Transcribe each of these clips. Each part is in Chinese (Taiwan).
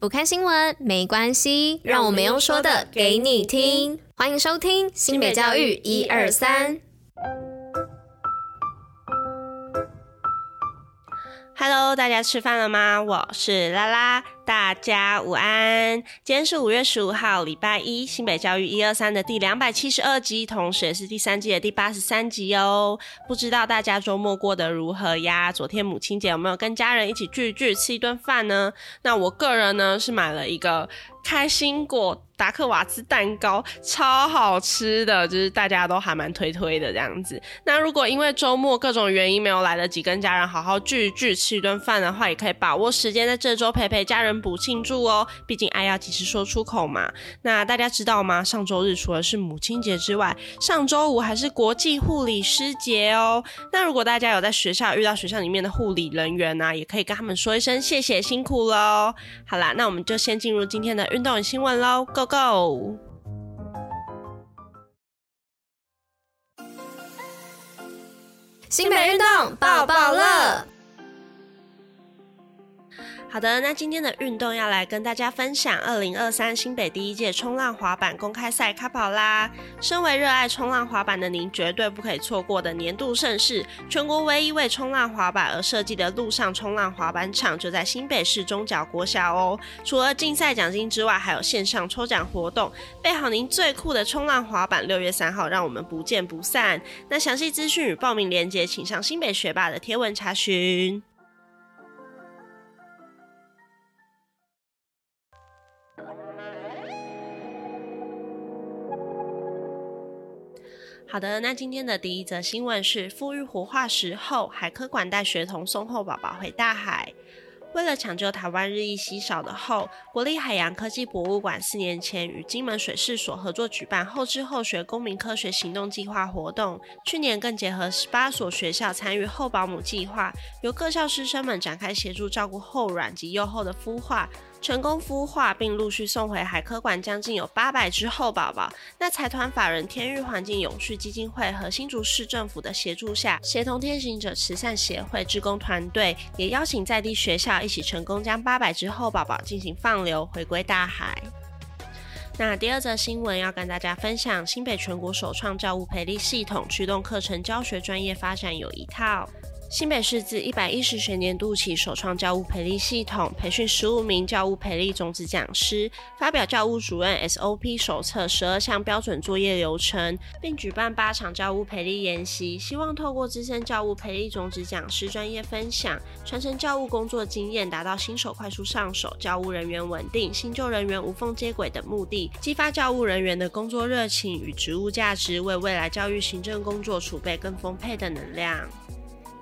不看新聞沒關係，讓我們用說的給你聽。歡迎收聽新北教育一二三。Hello，大家吃飯了嗎？我是拉拉。大家午安，今天是五月十五號，禮拜一，新北教育一二三的第兩百七十二集，同時也是第三季的第八十三集哦。不知道大家周末過得如何呀？昨天母親節有沒有跟家人一起聚聚，吃一頓飯呢？那我個人呢是買了一個開心果達克瓦茲蛋糕，超好吃的，就是大家都還蠻推推的這樣子。那如果因為周末各種原因沒有來得及跟家人好好聚一聚，吃一頓飯的話，也可以把握時間在這周陪陪家人。不慶祝哦，畢竟愛要及時說出口嘛。那大家知道嗎？上周日除了是母親節之外，上周五還是國際護理師節哦。那如果大家有在學校遇到學校裡面的護理人員呢，也可以跟他們說一聲謝謝辛苦嘍。好啦，那我們就先進入今天的運動新聞嘍，Go Go！新北運動報報樂。好的，那今天的運動要來跟大家分享二零二三新北第一屆衝浪滑板公開賽開跑啦！身為熱愛衝浪滑板的您，絕對不可以錯過的年度盛事。全國唯一為衝浪滑板而設計的陸上衝浪滑板場就在新北市中角國小哦。除了競賽獎金之外，還有線上抽獎活動。備好您最酷的衝浪滑板，六月三號讓我們不見不散。那詳細資訊與報名連結，請上新北學霸的貼文查詢。好的，那今天的第一則新聞是：復育活化石鱟，海科館帶學童送鱟寶寶回大海。為了搶救台灣日益稀少的鱟，國立海洋科技博物館四年前與金門水試所合作舉辦鱟知鱟學、公民科學行動計劃活動，去年更結合十八所學校參與鱟保姆計劃，由各校師生們展開協助照顧鱟卵及幼鱟的孵化。成功孵化並陸續送回海科館，將近有八百只鱟寶寶。那財團法人天域環境永續基金會和新竹市政府的協助下，協同天行者慈善協會志工團隊，也邀請在地學校一起成功將八百只鱟寶寶進行放流，回歸大海。那第二則新聞要跟大家分享，新北全國首創教務培力系統，驅動課程教學專業發展，有一套。新北市自一百一十學年度起，首創教務培力系統，培訓十五名教務培力種子講師，發表教務主任 SOP 手冊十二項標準作業流程，並舉辦八場教務培力研習。希望透過資深教務培力種子講師專業分享，傳承教務工作經驗，達到新手快速上手、教務人員穩定、新舊人員無縫接軌的目的，激發教務人員的工作熱情與職務價值，為未來教育行政工作儲備更豐沛的能量。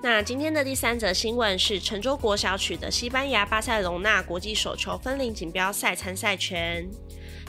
那今天的第三則新聞是：成州國小取得西班牙巴塞隆納國際手球分齡錦標賽參賽權。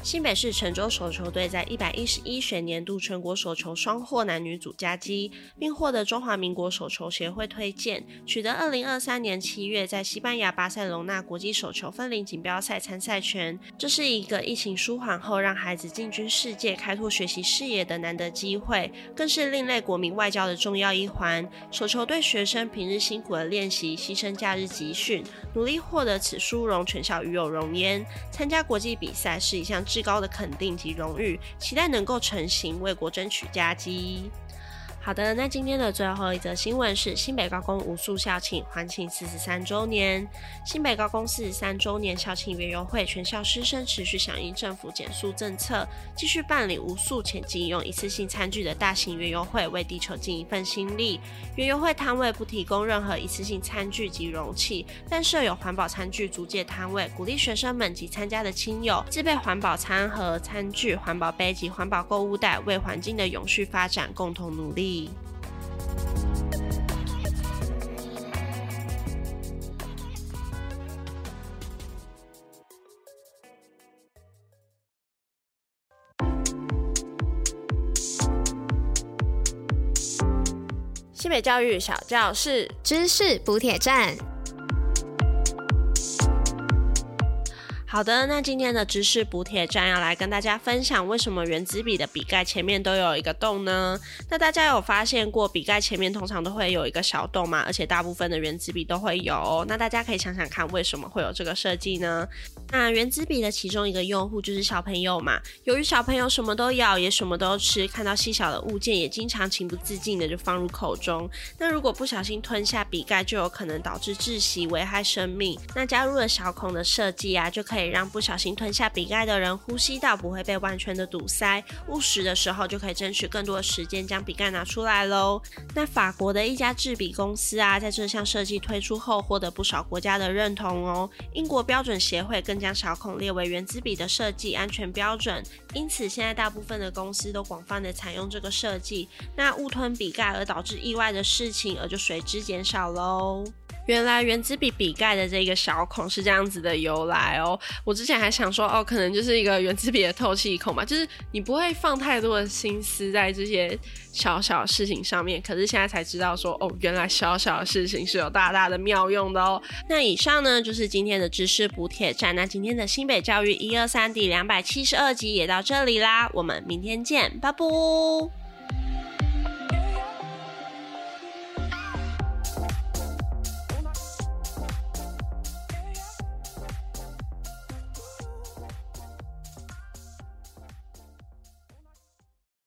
新北市成州手球隊在一百一十一學年度全國手球雙獲男女組佳績，並獲得中華民國手球協會推薦，取得二零二三年七月在西班牙巴塞隆納國際手球分齡錦標賽參賽權。這是一個疫情舒緩後讓孩子進軍世界、開拓學習視野的難得機會，更是另類國民外交的重要一環。手球隊學生平日辛苦的練習、犧牲假日集訓，努力獲得此殊榮，全校與有榮焉。參加國際比賽是一項至高的肯定及榮譽，期待能夠成行為國爭取佳績。好的，那今天的最後一則新聞是新北高工無塑校慶，歡慶四十三周年。新北高工四十三周年校慶園遊會，全校師生持續響應政府減塑政策，繼續辦理無塑前進禁用一次性餐具的大型園遊會，為地球盡一份心力。園遊會攤位不提供任何一次性餐具及容器，但設有環保餐具租借攤位，鼓勵學生們及參加的親友自備環保餐盒、餐具、環保杯及環保購物袋，為環境的永續發展共同努力。新北教育小教室知識補帖站。好的，那今天的知識補帖站要來跟大家分享，為什麼原子筆的筆蓋前面都有一個洞呢？那大家有發現過筆蓋前面通常都會有一個小洞嘛，而且大部分的原子筆都會有。那大家可以想想看，為什麼會有這個設計呢？那原子筆的其中一個用戶就是小朋友嘛。由於小朋友什麼都咬，也什麼都吃，看到細小的物件也經常情不自禁的就放入口中。那如果不小心吞下筆蓋，就有可能導致窒息，危害生命。那加入了小孔的設計啊，就可以。讓不小心吞下筆蓋的人呼吸道不會被完全的堵塞，誤食的時候就可以爭取更多的時間將筆蓋拿出來嘍。那法國的一家製筆公司啊，在這項設計推出後，獲得不少國家的認同哦。英國標準協會更將小孔列為原子筆的設計安全標準，因此現在大部分的公司都廣泛的採用這個設計。那誤吞筆蓋而導致意外的事情，而就隨之減少嘍。原來原子筆筆蓋的這個小孔是這樣子的由來哦，我之前還想說哦，可能就是一個原子筆的透氣孔嘛，就是你不會放太多的心思在這些小小的事情上面，可是現在才知道說哦，原來小小的事情是有大大的妙用的哦。那以上呢，就是今天的知識補帖站，那今天的新北教育一二三，第兩百七十二集也到這裡啦，我們明天見，拜拜。